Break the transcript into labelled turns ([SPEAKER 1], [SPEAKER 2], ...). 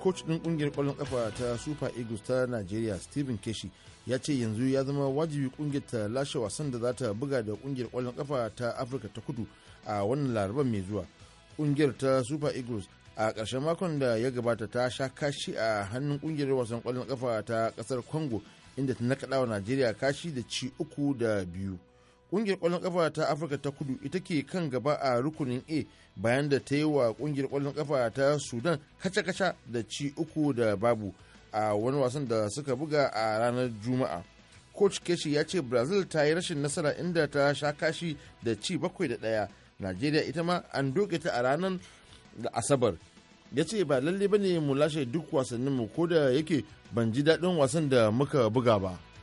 [SPEAKER 1] coach din kungiyar kwallon kafa ta super eagles ta nigeria stephen keshi ya ce yanzu ya zama wajibi kungiyar ta lashe wasan da za ta buga da kungiyar kwallon kafa ta afirka ta kudu a wannan laraban mai zuwa kungiyar ta super eagles a ƙarshen makon da ya gabata ta sha kashi a hannun kungiyar wasan kwallon kafa ta kasar congo inda ta nakaɗawa nigeria kashi da ci uku da biyu kungiyar kwallon kafa ta afirka ta kudu ita ke kan gaba a rukunin a bayan da ta yi wa kungiyar kwallon kafa ta sudan kaca-kaca da ci uku da babu a wani wasan da suka buga a ranar juma'a coach keshi ya ce brazil ta yi rashin nasara inda ta sha kashi da ci bakwai da ɗaya najeriya ita ma an doke ta a ranar asabar ya ce ba lalle bane mu lashe duk wasanninmu ko da yake ban ji daɗin wasan da muka buga ba